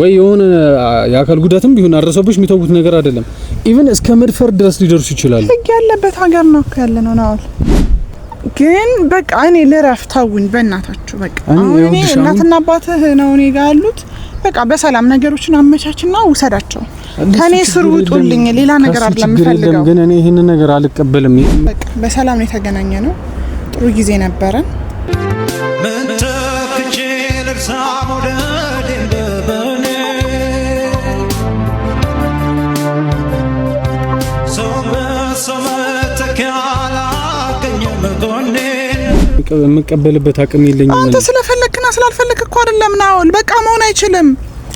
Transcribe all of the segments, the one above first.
ወይ የሆነ የአካል ጉዳትም ቢሆን አድረሰብሽ የሚተውት ነገር አይደለም። ኢቭን እስከ መድፈር ድረስ ሊደርሱ ይችላሉ። ህግ ያለበት ሀገር ነው ያለ ነው ናውል ግን በቃ እኔ ልረፍ፣ ተውኝ በእናታችሁ። በቃ እኔ እናትና አባትህ ነው እኔ ጋር ያሉት። በቃ በሰላም ነገሮችን አመቻችና ውሰዳቸው፣ ከኔ ስር ውጡልኝ። ሌላ ነገር አይደለም ግን እኔ ይህንን ነገር አልቀበልም። በቃ በሰላም ነው የተገናኘ ነው። ጥሩ ጊዜ ነበረን። የምቀበልበት አቅም የለኝም። አንተ ስለፈለክና ስላልፈለክ እኮ አይደለም ናውል። በቃ መሆን አይችልም።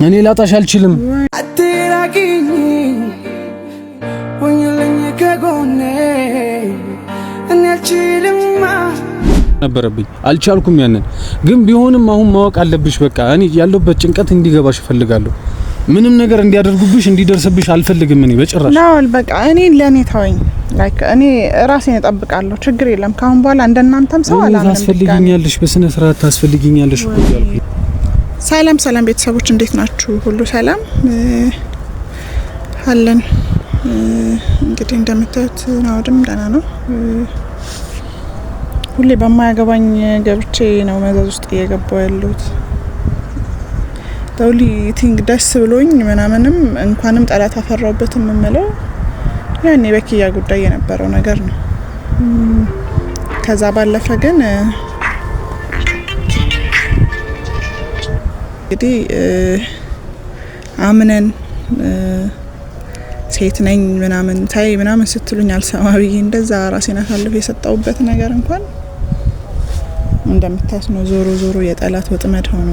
እኔ ላጣሽ አልችልም። አትራቂኝ ወኝልኝ ከጎኔ እኔ አልችልም ነበረብኝ አልቻልኩም። ያንን ግን ቢሆንም አሁን ማወቅ አለብሽ። በቃ እኔ ያለሁበት ጭንቀት እንዲገባሽ እፈልጋለሁ። ምንም ነገር እንዲያደርጉብሽ እንዲደርስብሽ አልፈልግም። እኔ በጭራሽ ናውል በቃ እኔ ለእኔ ታወኝ ላይክ እኔ ራሴን እጠብቃለሁ። ችግር የለም። ካሁን በኋላ እንደናንተም ሰው አላምንም። ታስፈልጊኛለሽ፣ በስነ ስርዓት ታስፈልጊኛለሽ ሰላም ሰላም፣ ቤተሰቦች እንዴት ናችሁ? ሁሉ ሰላም አለን። እንግዲህ እንደምታዩት ናኦድም ደህና ነው። ሁሌ በማያገባኝ ገብቼ ነው መዘዝ ውስጥ እየገባው ያለሁት። ተውሊ ቲንግ ደስ ብሎኝ ምናምንም እንኳንም ጠላት አፈራውበት የምምለው ያኔ በኪያ ጉዳይ የነበረው ነገር ነው። ከዛ ባለፈ ግን እንግዲህ አምነን ሴት ነኝ ምናምን ታይ ምናምን ስትሉኝ አልሰማ ብዬ እንደዛ ራሴን አሳልፍ የሰጠውበት ነገር እንኳን እንደምታስ ነው። ዞሮ ዞሮ የጠላት ወጥመድ ሆኖ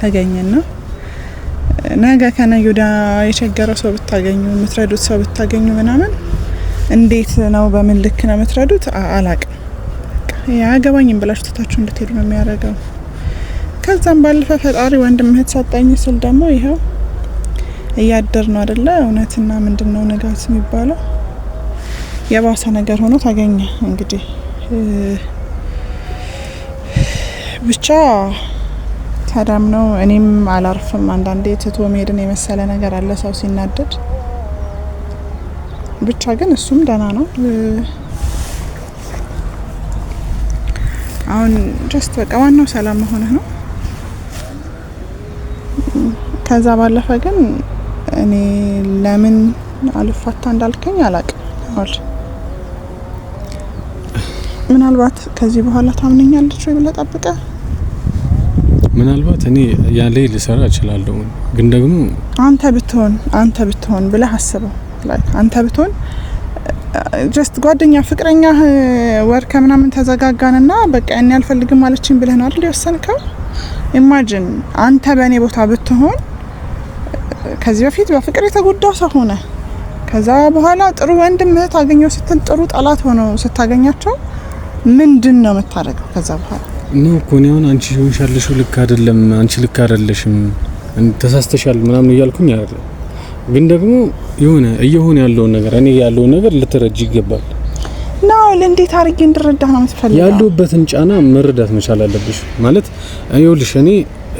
ተገኘና ነገ ከነገ ወዲያ የቸገረው ሰው ብታገኙ የምትረዱት ሰው ብታገኙ ምናምን እንዴት ነው በምን ልክ ነው የምትረዱት አላቅም። አያገባኝም ብላችሁ ትታችሁ እንድትሄዱ ነው የሚያደርገው። ከዛም ባለፈ ፈጣሪ ወንድም እህት ሰጠኝ ስል ደግሞ ይኸው እያደር ነው አደለ? እውነትና ምንድን ነው ንጋት የሚባለው የባሰ ነገር ሆኖ ታገኘ እንግዲህ ብቻ ከዳም ነው። እኔም አላርፍም። አንዳንዴ ትቶ መሄድን የመሰለ ነገር አለ ሰው ሲናደድ። ብቻ ግን እሱም ደህና ነው። አሁን ጀስት በቃ ዋናው ሰላም መሆንህ ነው። ከዛ ባለፈ ግን እኔ ለምን አልፋታ እንዳልከኝ አላቅም። ምናልባት ከዚህ በኋላ ታምነኛለች ወይ ብለህ ጠብቀህ ምናልባት እኔ ያ ያለ ልሰራ እችላለሁ፣ ግን ደግሞ አንተ ብትሆን አንተ ብትሆን ብለህ አስበው። አንተ ብትሆን ጀስት ጓደኛ ፍቅረኛ ወር ከምናምን ተዘጋጋንና በቃ እኔ አልፈልግም ማለችን ብለህ ነው አይደል የወሰንከው? ኢማጂን አንተ በእኔ ቦታ ብትሆን ከዚህ በፊት በፍቅር የተጎዳው ሰው ሆነ ከዛ በኋላ ጥሩ ወንድም አገኘው ስትል ጥሩ ጠላት ሆኖ ስታገኛቸው ምንድን ነው የምታደርገው ከዛ በኋላ ነው እኮ እኔ አሁን አንቺ ሆንሻለሽው ልክ አይደለም፣ አንቺ ልክ አይደለሽም፣ ተሳስተሻል ምናምን እያልኩኝ አይደለም። ግን ደግሞ የሆነ እየሆነ ያለውን ነገር እኔ ያለውን ነገር ልትረጅ ይገባል። ናውል እንዴት አድርጌ እንድረዳ ነው የምትፈልገው? ያለሁበትን ጫና መረዳት መቻል አለብሽ። ማለት ይኸውልሽ እኔ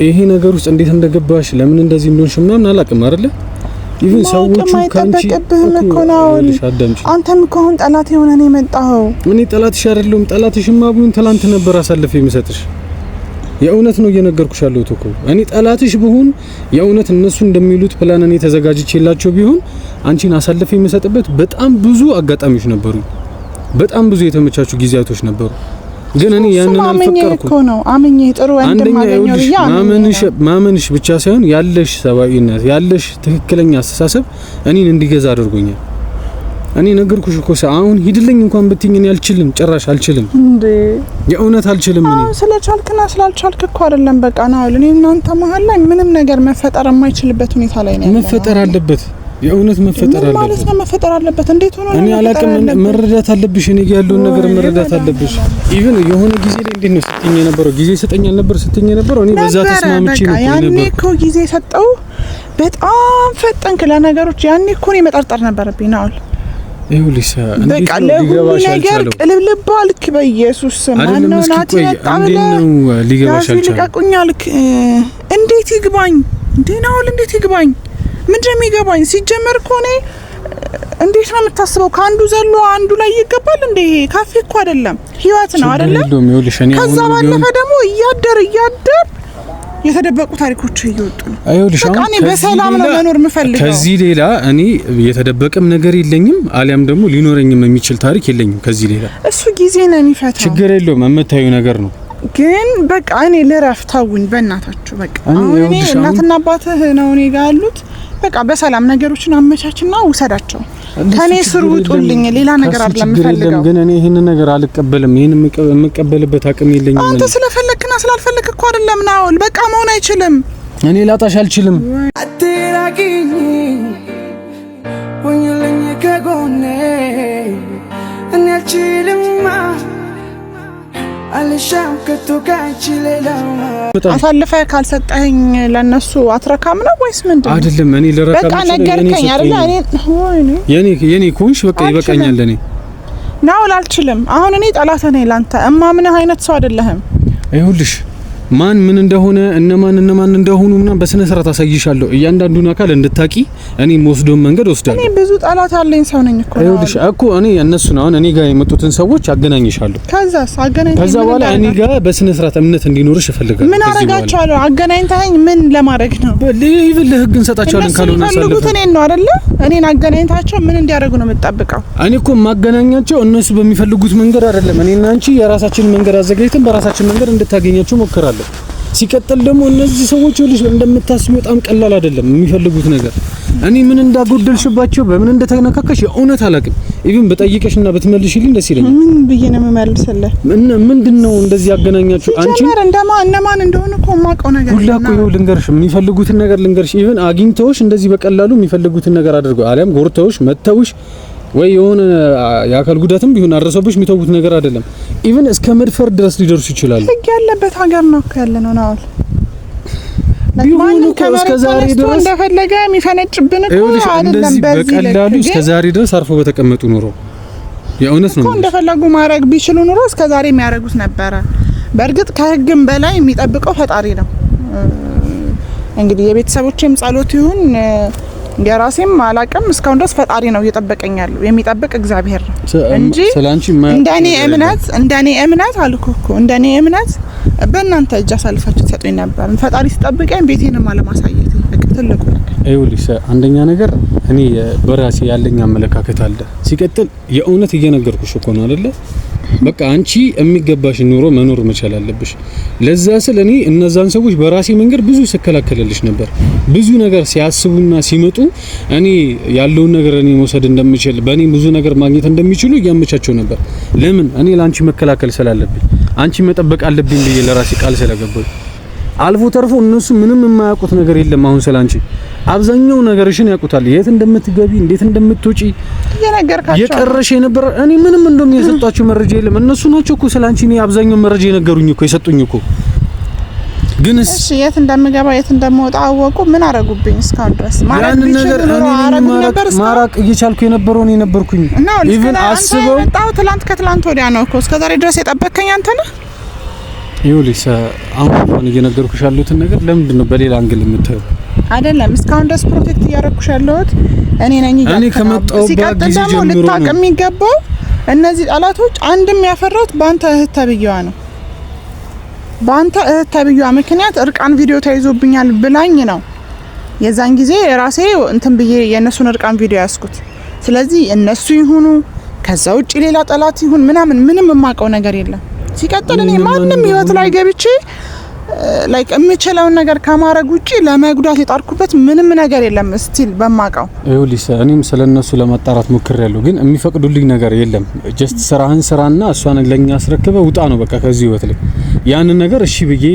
ይሄ ነገር ውስጥ እንዴት እንደገባሽ ለምን እንደዚህ እንደሆንሽ ምናምን አላውቅም አይደለ ይህን ሰዎቹ ካንቺ አንተም እኮ አሁን ጠላት የሆነ ነው የመጣኸው። እኔ ጠላትሽ አይደለሁም። ጠላትሽማ ብሆን ትላንት ነበር አሳልፌ የምሰጥሽ። የእውነት ነው እየነገርኩሽ ያለሁት እኮ እኔ ጠላትሽ ብሆን የእውነት እነሱ እንደሚሉት ፕላን እኔ ተዘጋጅቼላቸው ቢሆን አንቺን አሳልፌ የምሰጥበት በጣም ብዙ አጋጣሚዎች ነበሩ። በጣም ብዙ የተመቻቹ ጊዜያቶች ነበሩ። ግን እኔ ያንን አልፈቀርኩም ማመንሽ ብቻ ሳይሆን ያለሽ ሰብአዊነት ያለሽ ትክክለኛ አስተሳሰብ እኔን እንዲገዛ አድርጎኛል። እኔ ነገርኩሽ እኮ አሁን ሂድልኝ እንኳን ብትኝ እኔ አልችልም፣ ጭራሽ አልችልም እንዴ! የእውነት አልችልም። እኔ ስለቻልክና ስላልቻልክ እኮ አይደለም። በቃ ነው እኔ እናንተ መሀል ላይ ምንም ነገር መፈጠር የማይችልበት ሁኔታ ላይ ነው መፈጠር አለበት የእውነት መፈጠር አለበት ማለት ነው። መፈጠር አለበት እንዴት ሆኖ እኔ አላቅም። መረዳት አለብሽ፣ እኔ ጋር ያለውን ነገር መረዳት አለብሽ። ኢቭን የሆነ ጊዜ ላይ እንዴት ነው ስትኝ የነበረው ጊዜ ይሰጠኛል ነበር ስትኝ የነበረው እኔ በዛ ተስማምቼ ነበር። ያኔ እኮ ጊዜ ሰጠው፣ በጣም ፈጠንክ ለነገሮች። ያኔ እኮ እኔ መጠርጠር ነበረብኝ ነው ይሁሊሳ እንዴት ነው ሊገባሽ አልቻለም? ቅልብልባ በኢየሱስ ስም ነው ናቲ በጣም ነው ሊገባሽ አልቻለም። ልቀቁኝ አልክ። እንዴት ይግባኝ? እንዴት ነው እንዴት ይግባኝ? ምንድነው የሚገባኝ? ሲጀመር ከሆነ እንዴት ነው የምታስበው? ከአንዱ ዘሎ አንዱ ላይ ይገባል እንዴ? ይሄ ካፌ እኮ አይደለም፣ ህይወት ነው አይደለም? ከዛ ባለፈ ደግሞ እያደር እያደር የተደበቁ ታሪኮች እየወጡ ነው። በቃ እኔ በሰላም ነው መኖር የምፈልገው። ከዚህ ሌላ እኔ የተደበቀም ነገር የለኝም፣ አሊያም ደግሞ ሊኖረኝም የሚችል ታሪክ የለኝም ከዚህ ሌላ። እሱ ጊዜ ነው የሚፈታው። ችግር የለውም፣ የምታዩ ነገር ነው። ግን በቃ እኔ ልረፍ፣ ተውኝ በእናታችሁ። በቃ እኔ እናትና አባትህ ነው እኔ ጋር ያሉት በቃ በሰላም ነገሮችን አመቻችና ውሰዳቸው። ከኔ ስር ውጡልኝ። ሌላ ነገር አይደለም የምፈልገው። ግን እኔ ይሄን ነገር አልቀበልም። ይሄን የምቀበልበት አቅም የለኝም። አንተ ስለፈለክና ስላልፈለክ እኮ አይደለም ነው። በቃ መሆን አይችልም። እኔ ላጣሽ አልችልም። አትራቂኝ፣ ሁኝልኝ ከጎኔ እኔ አልችልም አሳልፈ ካልሰጠኝ ለነሱ አትረካም ነው ወይስ ምንድነው? አይደለም እኔ ልረካ በቃ ነገርከኝ አይደለ? እኔ የኔ የኔ ኩንሽ በቃ ይበቃኛል። ለኔ ናውል አልችልም። አሁን እኔ ጠላት ነኝ ላንተ እማምነህ አይነት ሰው አይደለህም። ይሁልሽ ማን ምን እንደሆነ እነማን እነማን እንደሆኑ ምናምን በስነ ስርዓት አሳይሻለሁ። እያንዳንዱን አካል እንድታቂ እኔ የምወስደውን መንገድ ወስዳለሁ። እኔ ብዙ ጠላት አለኝ ሰው ነኝ እኮ ይኸውልሽ እኮ እኔ እነሱን አሁን እኔ ጋር የመጡትን ሰዎች አገናኝሻለሁ። ከዛስ አገናኝ ከዛ በኋላ እኔ ጋር በስነ ስርዓት እምነት እንዲኖርሽ እፈልጋለሁ። ምን አረጋቸዋለሁ? አገናኝታኝ ምን ለማድረግ ነው? ለይብል ለህግ እንሰጣቸዋለን። ካልሆነ ሳለፈ እኔ ነው አይደለ? እኔን አገናኝታቸው ምን እንዲያደርጉ ነው የምጠብቀው እኔ እኮ ማገናኛቸው እነሱ በሚፈልጉት መንገድ አይደለም። እኔና አንቺ የራሳችን መንገድ አዘጋጅተን በራሳችን መንገድ እንድታገኛቸው ሞክራለሁ። አይደለም። ሲቀጥል ደግሞ እነዚህ ሰዎች ልጅ እንደምታስቢ በጣም ቀላል አይደለም የሚፈልጉት ነገር። እኔ ምን እንዳጎደልሽባቸው በምን እንደተነካከሽ የእውነት አላውቅም። ኢቭን በጠይቀሽና በትመልሽልኝ ደስ ይለኛል። ምን ብዬ ነው የምመልስልህ? ምንድን ነው እንደዚህ ያገናኛችሁ? አንቺ ጀመር እንደማ እነማን እንደሆነ እኮ የማውቀው ነገር ሁላ እኮ ነው። ልንገርሽ፣ የሚፈልጉትን ነገር ልንገርሽ። ኢቭን አግኝተውሽ እንደዚህ በቀላሉ የሚፈልጉትን ነገር አድርገው አሊያም ጎርተውሽ መተውሽ ወይ የሆነ የአካል ጉዳትም ቢሆን አድረሰብሽ የሚተውት ነገር አይደለም። ኢቭን እስከ መድፈር ድረስ ሊደርሱ ይችላሉ። ህግ ያለበት ሀገር ነው ያለ ነው ናውል እስከ ዛሬ ድረስ እንደፈለገ የሚፈነጭብን እኮ አይደለም። በቀላሉ እስከ ዛሬ ድረስ አርፎ በተቀመጡ ኑሮ የእውነት ነው እንደፈለጉ ማድረግ ቢችሉ ኑሮ እስከ ዛሬ የሚያደርጉት ነበረ። በእርግጥ ከህግም በላይ የሚጠብቀው ፈጣሪ ነው። እንግዲህ የቤተሰቦችም ጸሎት ይሁን የራሴም አላቅም እስካሁን ድረስ ፈጣሪ ነው እየጠበቀኝ ያለው። የሚጠብቅ እግዚአብሔር ነው እንጂ እንደኔ እምነት እንደኔ እምነት አልኩህ እኮ እንደኔ እምነት በእናንተ እጅ አሳልፋችሁ ትሰጡኝ ነበር። ፈጣሪ ሲጠብቀኝ ቤቴንም አለማሳየት በቃ ትልቁ ይኸውልሽ፣ አንደኛ ነገር እኔ በራሴ ያለኝ አመለካከት አለ። ሲቀጥል የእውነት እየነገርኩሽ እኮ ነው አይደለ በቃ አንቺ የሚገባሽን ኑሮ መኖር መቻል አለብሽ። ለዛ ስል እኔ እነዛን ሰዎች በራሴ መንገድ ብዙ ስከላከልልሽ ነበር። ብዙ ነገር ሲያስቡና ሲመጡ እኔ ያለውን ነገር እኔ መውሰድ እንደምችል በእኔ ብዙ ነገር ማግኘት እንደሚችሉ እያመቻቸው ነበር። ለምን እኔ ለአንቺ መከላከል ስላለብኝ አንቺ መጠበቅ አለብኝ ብዬ ለራሴ ቃል ስለገባኝ አልፎ ተርፎ እነሱ ምንም የማያውቁት ነገር የለም። አሁን ስላንቺ አብዛኛው ነገርሽን ያውቁታል። የት እንደምትገቢ፣ እንዴት እንደምትወጪ የነገርካቸው የቀረሽ የነበረ እኔ ምንም እንደም የሰጧችሁ መረጃ የለም። እነሱ ናቸው እኮ ስላንቺ ነው አብዛኛው መረጃ የነገሩኝ እኮ የሰጡኝ እኮ። ግን እሺ፣ የት እንደምገባ የት እንደምወጣ አወቁ። ምን አረጉብኝ? እስካሁን ድረስ ማራቅ ነገር ማራቅ እየቻልኩ የነበረው እኔ ነበርኩኝ። ኢቭን አስበው ትላንት ከትላንት ወዲያ ነው እኮ እስከዛሬ ድረስ የጠበከኝ አንተ ነህ። ይኸውልሽ አሁን እየነገርኩሽ ያሉትን ነገር ለምንድን ነው በሌላ አንግል የምታየው? አይደለም እስካሁን ድረስ ፕሮቴክት እያደረኩሽ ያለሁት እኔ ነኝ። እኔ ከመጣሁባት ጊዜ ጀምሮ ልታቅ የሚገባው እነዚህ ጠላቶች አንድም ያፈራት በአንተ እህት ተብዬዋ ነው። በአንተ እህት ተብዬዋ ምክንያት እርቃን ቪዲዮ ተይዞብኛል ብላኝ ነው የዛን ጊዜ ራሴ እንትን ብዬ የእነሱን እርቃን ቪዲዮ ያስኩት። ስለዚህ እነሱ ይሁኑ ከዛ ውጭ ሌላ ጠላት ይሁን ምናምን ምንም የማውቀው ነገር የለም። ሲቀጥል እኔ ማንም ህይወት ላይ ገብቼ ላይክ የምችለውን ነገር ከማድረግ ውጪ ለመጉዳት የጣርኩበት ምንም ነገር የለም። ስቲል በማቀው ይኸውልሽ፣ እኔም ስለ እነሱ ለማጣራት ያለው ግን የሚፈቅዱልኝ ነገር የለም። ጀስት ስራህን ስራና እሷን ለኛ አስረክበ ውጣ ነው በቃ ከዚህ ህይወት ላይ ያንን ነገር እሺ ብዬ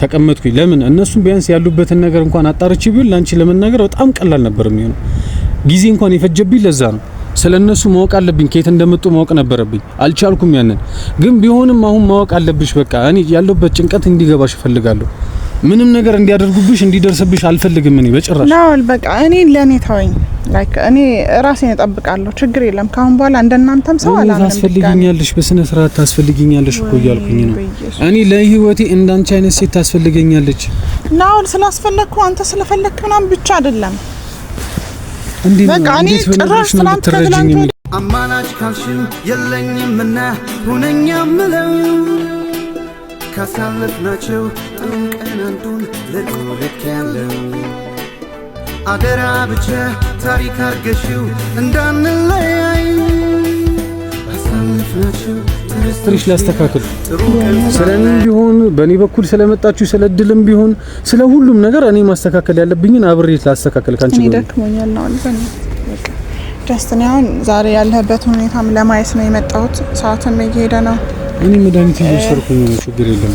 ተቀመጥኩኝ። ለምን እነሱም ቢያንስ ያሉበትን ነገር እንኳን አጣርቼ ቢሆን ላንቺ ለመናገር በጣም ቀላል ነበር የሚሆነው። ጊዜ እንኳን የፈጀብኝ ለዛ ነው። ስለ እነሱ ማወቅ አለብኝ። ከየት እንደመጡ ማወቅ ነበረብኝ፣ አልቻልኩም። ያንን ግን ቢሆንም አሁን ማወቅ አለብሽ። በቃ እኔ ያለሁበት ጭንቀት እንዲገባሽ እፈልጋለሁ። ምንም ነገር እንዲያደርጉብሽ እንዲደርስብሽ አልፈልግም። እኔ በጭራሽ ናውል በቃ እኔ ለኔ ተወኝ። ላይክ እኔ ራሴን እጠብቃለሁ። ችግር የለም። ካሁን በኋላ እንደናንተም ሰው አላለም። ታስፈልጊኛለሽ፣ በስነ ስርዓት ታስፈልግኛለሽ እኮ እያልኩኝ ነው። እኔ ለህይወቴ እንዳንቺ አይነት ሴት ታስፈልገኛለች። ናውል ስላስፈለግኩ አንተ ስለፈለግክ ምናምን ብቻ አይደለም አማናጭ ካልሽም የለኝምና ሁነኛ ምለው ካሳለፍናቸው ጥሩ ቀን አንዱን ልቁልክ ያለው አደራ ብቻ ታሪክ አርገሽው እንዳንለያዩ አሳለፍናቸው ትንሽ ላስተካክል። ስለምን ቢሆን በእኔ በኩል ስለመጣችሁ ስለ እድልም ቢሆን ስለ ሁሉም ነገር እኔ ማስተካከል ያለብኝን አብሬት ላስተካከል። ካንቺ ነው ደክሞኛል ነው አልፈን ደስትን አሁን ዛሬ ያለህበት ሁኔታም ለማየት ነው የመጣሁት። ሰዓትም እየሄደ ነው። እኔ መድኃኒት እየወሰድኩኝ ነው፣ ችግር የለም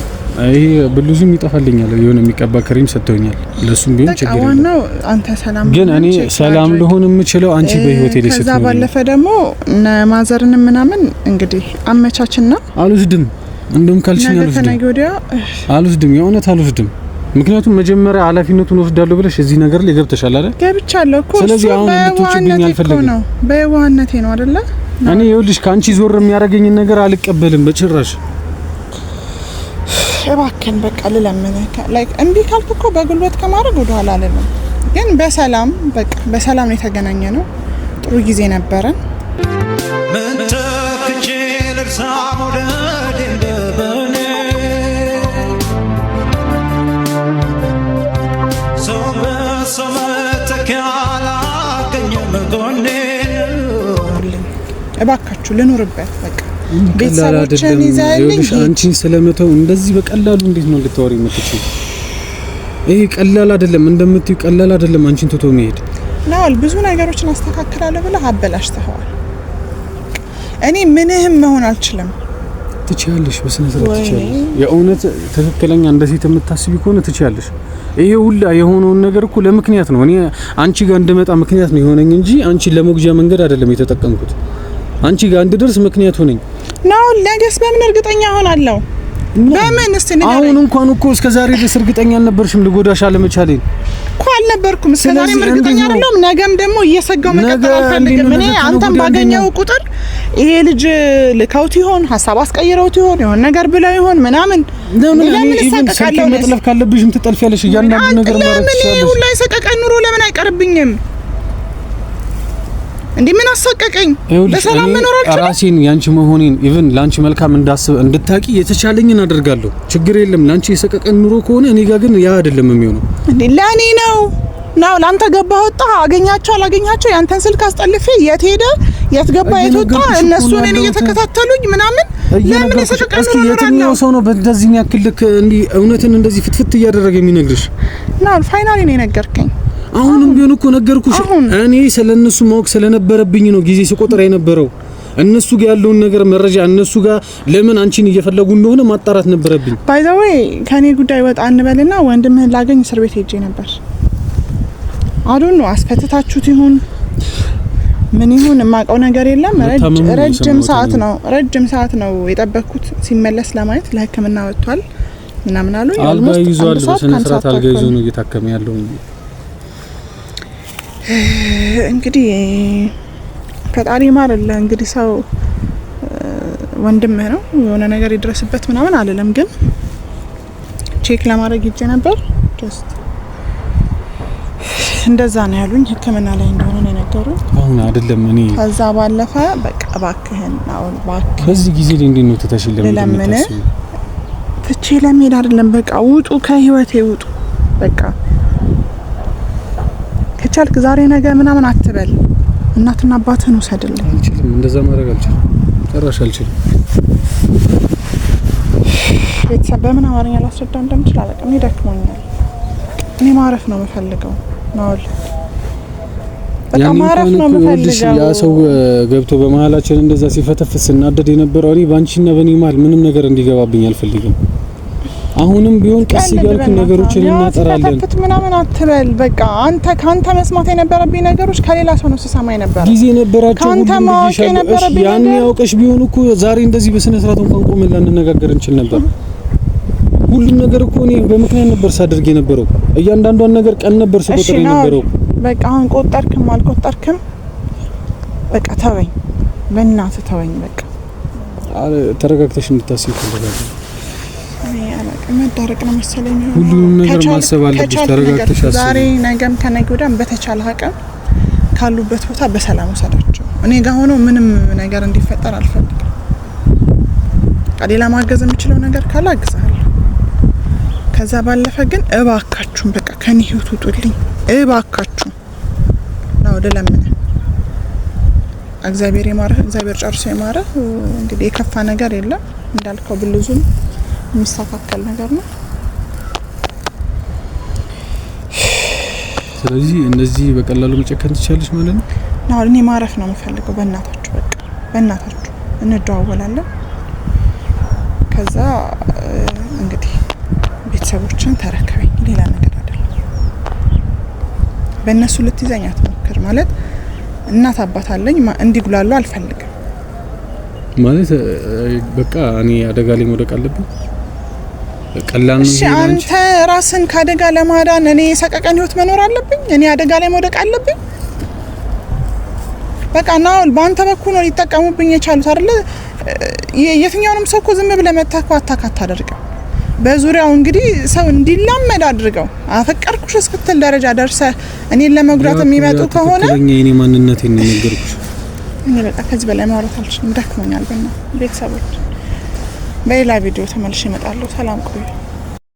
ይሄ ብሉዝም ይጠፋልኛል። የሆነ የሚቀባ ክሬም ሰጥቶኛል። ለሱም ቢሆን ችግር ነው። አንተ ሰላም ግን እኔ ሰላም ልሆን የምችለው አንቺ በህይወት የለሽ። ከዛ ባለፈ ደግሞ ማዘርን ምናምን እንግዲህ አመቻችና አልወስድም። እንደውም ካልሽኝ አልወስድም፣ የእውነት አልወስድም። ምክንያቱም መጀመሪያ ኃላፊነቱን ወስዳለሁ ብለሽ እዚህ ነገር ላይ ገብተሻል አይደል? ገብቻለሁ እኮ። ስለዚህ አሁን እንድትወጪብኝ አልፈልግም። ነው በየዋህነቴ ነው አይደለ? እኔ ይኸውልሽ ከአንቺ ዞር የሚያደርገኝን ነገር አልቀበልም በጭራሽ እባክን በቃ ልለምን ላይክ እምቢ ካልክ እኮ በጉልበት ከማድረግ ወደኋላ አልልም፣ ግን በሰላም በቃ በሰላም የተገናኘ ነው። ጥሩ ጊዜ ነበረን። እባካችሁ ልኑርበት በቃ ቀላል አይደለም። ይኸውልሽ አንቺን ስለመተው እንደዚህ በቀላሉ እንዴት ነው ልታወሪ የምትችይው? ይሄ ቀላል አይደለም፣ እንደምትዩ ቀላል አይደለም። አንቺን ትቶ መሄድ ናል ብዙ ነገሮችን አስተካክላለሁ ብለህ አበላሽተኸዋል። እኔ ምንህም መሆን አልችልም። ትችያለሽ፣ በስነ ስርዓት ትችያለሽ። የእውነት ትክክለኛ እንደ ሴት የምታስቢ ከሆነ ትችያለሽ። ይሄ ሁላ የሆነውን ነገር እኮ ለምክንያት ነው። እኔ አንቺ ጋር እንድመጣ ምክንያት ነው የሆነኝ እንጂ አንቺ ለመጉጃ መንገድ አይደለም የተጠቀምኩት። አንቺ ጋር እንድደርስ ምክንያት ሆነኝ። ነው ለጌስ በምን እርግጠኛ ሆናለሁ? በምን እስቲ ንገረኝ። አሁን እንኳን እኮ እስከ ዛሬ ድረስ እርግጠኛ አልነበርሽም ልጎዳሽ አለመቻሌ እኮ አልነበርኩም። እስከ ዛሬም እርግጠኛ አይደለሁም። ነገም ደግሞ እየሰጋው መቀጠል አልፈልግም። እኔ አንተም ባገኘው ቁጥር ይሄ ልጅ ልከውት ይሆን ሀሳብ አስቀይረውት ይሆን የሆነ ነገር ብለው ይሆን ምናምን ለምን ሰቀቃለሁ? መጥለፍ ካለብሽም ትጠልፊያለሽ። እያንዳንዱ ነገር ማለት ነው። ለምን ሁላ ሰቀቃ ኑሮ ለምን አይቀርብኝም? እንዴ ምን አሳቀቀኝ? በሰላም መኖር አልችልም። ራሴን ያንቺ መሆኔን ኢቭን ላንቺ መልካም እንዳስብ እንድታቂ የተቻለኝን አደርጋለሁ። ችግር የለም። ላንቺ የሰቀቀን ኑሮ ከሆነ እኔ ጋር ግን ያ አይደለም የሚሆነው። እንዴ ለእኔ ነው ነው ለአንተ ገባ ወጣ፣ አገኛቸው አላገኛቸው፣ ያንተን ስልክ አስጠልፌ የት ሄደ የት ገባ የት ወጣ፣ እነሱ እኔን እየተከታተሉኝ ምናምን ለምን የትኛው ሰው ነው በእንደዚህ ያክል እውነትን እንደዚህ ፍትፍት እያደረገ የሚነግርሽ? ናው ፋይናሊ ነው የነገርከኝ አሁንም ቢሆን እኮ ነገርኩሽ። እኔ ስለነሱ ማወቅ ስለነበረብኝ ነው ጊዜ ሲቆጠር የነበረው። እነሱ ጋር ያለውን ነገር መረጃ እነሱ ጋር ለምን አንቺን እየፈለጉ እንደሆነ ማጣራት ነበረብኝ። ባይ ዘ ወይ ከኔ ጉዳይ ወጣ እንበልና ወንድምህን ላገኝ እስር ቤት ሄጄ ነበር። አዶን ነው አስፈትታችሁት ይሁን ምን ይሁን የማውቀው ነገር የለም። ረጅም ሰዓት ነው ረጅም ሰዓት ነው የጠበኩት ሲመለስ ለማየት ለህክምና ወጥቷል ምናምን አሉኝ። አልጋ ይዟል፣ በስነ ስርዓት አልጋ ይዞ ነው እየታከመ ያለው። እንግዲህ ፈጣሪ ማርለ እንግዲህ ሰው ወንድምህ ነው የሆነ ነገር ይድረስበት ምናምን አልልም፣ ግን ቼክ ለማድረግ ሄጄ ነበር። ጀስት እንደዛ ነው ያሉኝ። ሕክምና ላይ እንደሆነ ነው የነገሩኝ። አሁን አይደለም እኔ ከዛ ባለፈ በቃ እባክህን አሁን እባክህ በዚህ ጊዜ ላይ እንዴት ነው ተታሽለ ለምን ትቼ ለመሄድ አይደለም፣ በቃ ውጡ፣ ከህይወቴ ውጡ በቃ ካልቻልክ ዛሬ ነገ ምናምን አትበል። እናትና አባትህን ውሰድልን። አልችልም፣ እንደዛ ማድረግ አልችልም፣ ጭራሽ አልችልም። ቤተሰብ በምን አማርኛ ላስረዳ እንደምችል አላውቅም። እኔ እኔ ማረፍ ነው የምፈልገው። ናውል ነው ያ ሰው ገብቶ በመሀላችን እንደዛ ሲፈተፍስ ስናደድ የነበረው እኔ በአንቺና በእኔ መሀል ምንም ነገር እንዲገባብኝ አልፈልግም። አሁንም ቢሆን ቀስ እያልክ ነገሮችን እናጠራለን። ፍት ምናምን አትበል። በቃ አንተ ካንተ መስማት የነበረብኝ ነገሮች ከሌላ ሰው ነው ስሰማ የነበረ ጊዜ ነበራቸው። ካንተ ማወቅ የነበረብኝ ያን ያውቀሽ ቢሆን እኮ ዛሬ እንደዚህ በስነ ስርዓት እንኳን ቆመን ልንነጋገር እንችል ነበር። ሁሉም ነገር እኮ እኔ በምክንያት ነበር ሳደርግ የነበረው። እያንዳንዷን ነገር ቀን ነበር ስቆጥር የነበረው። በቃ አሁን ቆጠርክም አልቆጠርክም በቃ ተወኝ፣ በእናትህ ተወኝ። በቃ ተረጋግተሽ እንድታስብ ፈልጋለሁ። መዳረቅ ነው መሰለኝ። ሁሉንም ነገር ማሰብ አለብሽ። ተረጋግተሽ ዛሬ ነገም ከነገ ወዲያም በተቻለ አቅም ካሉበት ቦታ በሰላም ወሰዳቸው። እኔ ጋር ሆኖ ምንም ነገር እንዲፈጠር አልፈልግም። ሌላ ማገዝ የምችለው ነገር ካለ አግዛለሁ። ከዛ ባለፈ ግን እባካችሁን በቃ ከኔ ህይወት ውጡልኝ፣ እባካችሁን ነው ልለምን። እግዚአብሔር የማረ እግዚአብሔር ጨርሶ የማረ እንግዲህ የከፋ ነገር የለም እንዳልከው ብልዙም የሚስተካከል ነገር ነው። ስለዚህ እነዚህ በቀላሉ መጨከን ትችላለች ማለት ነው። አሁን እኔ ማረፍ ነው የምፈልገው። በእናታችሁ በቃ በእናታችሁ እንደዋወላለን። ከዛ እንግዲህ ቤተሰቦችን ተረከበኝ፣ ሌላ ነገር አይደለም። በእነሱ ልትይዘኝ አትሞክር ማለት እናት አባት አለኝ፣ እንዲጉላሉ አልፈልግም ማለት በቃ እኔ አደጋ ላይ መውደቅ አለብኝ። ቀላል ነው። አንተ ራስን ከአደጋ ለማዳን እኔ የሰቀቀን ህይወት መኖር አለብኝ? እኔ አደጋ ላይ መውደቅ አለብኝ? በቃ እና በአንተ በኩል ነው ሊጠቀሙብኝ የቻሉት አይደለ? የትኛውንም ሰው እኮ ዝም ብለህ መተህ እኮ አታካት አድርገው በዙሪያው እንግዲህ ሰው እንዲላመድ አድርገው አፈቀርኩሽ እስክትል ደረጃ ደርሰህ እኔን ለመጉዳት የሚመጡ ከሆነ የኔ ማንነት ነገርኩሽ። እኔ በቃ ከዚህ በላይ ማውራት አልችልም፣ ደክሞኛል። ቤተሰቦች በሌላ ቪዲዮ ተመልሼ እመጣለሁ። ሰላም ቆዩ።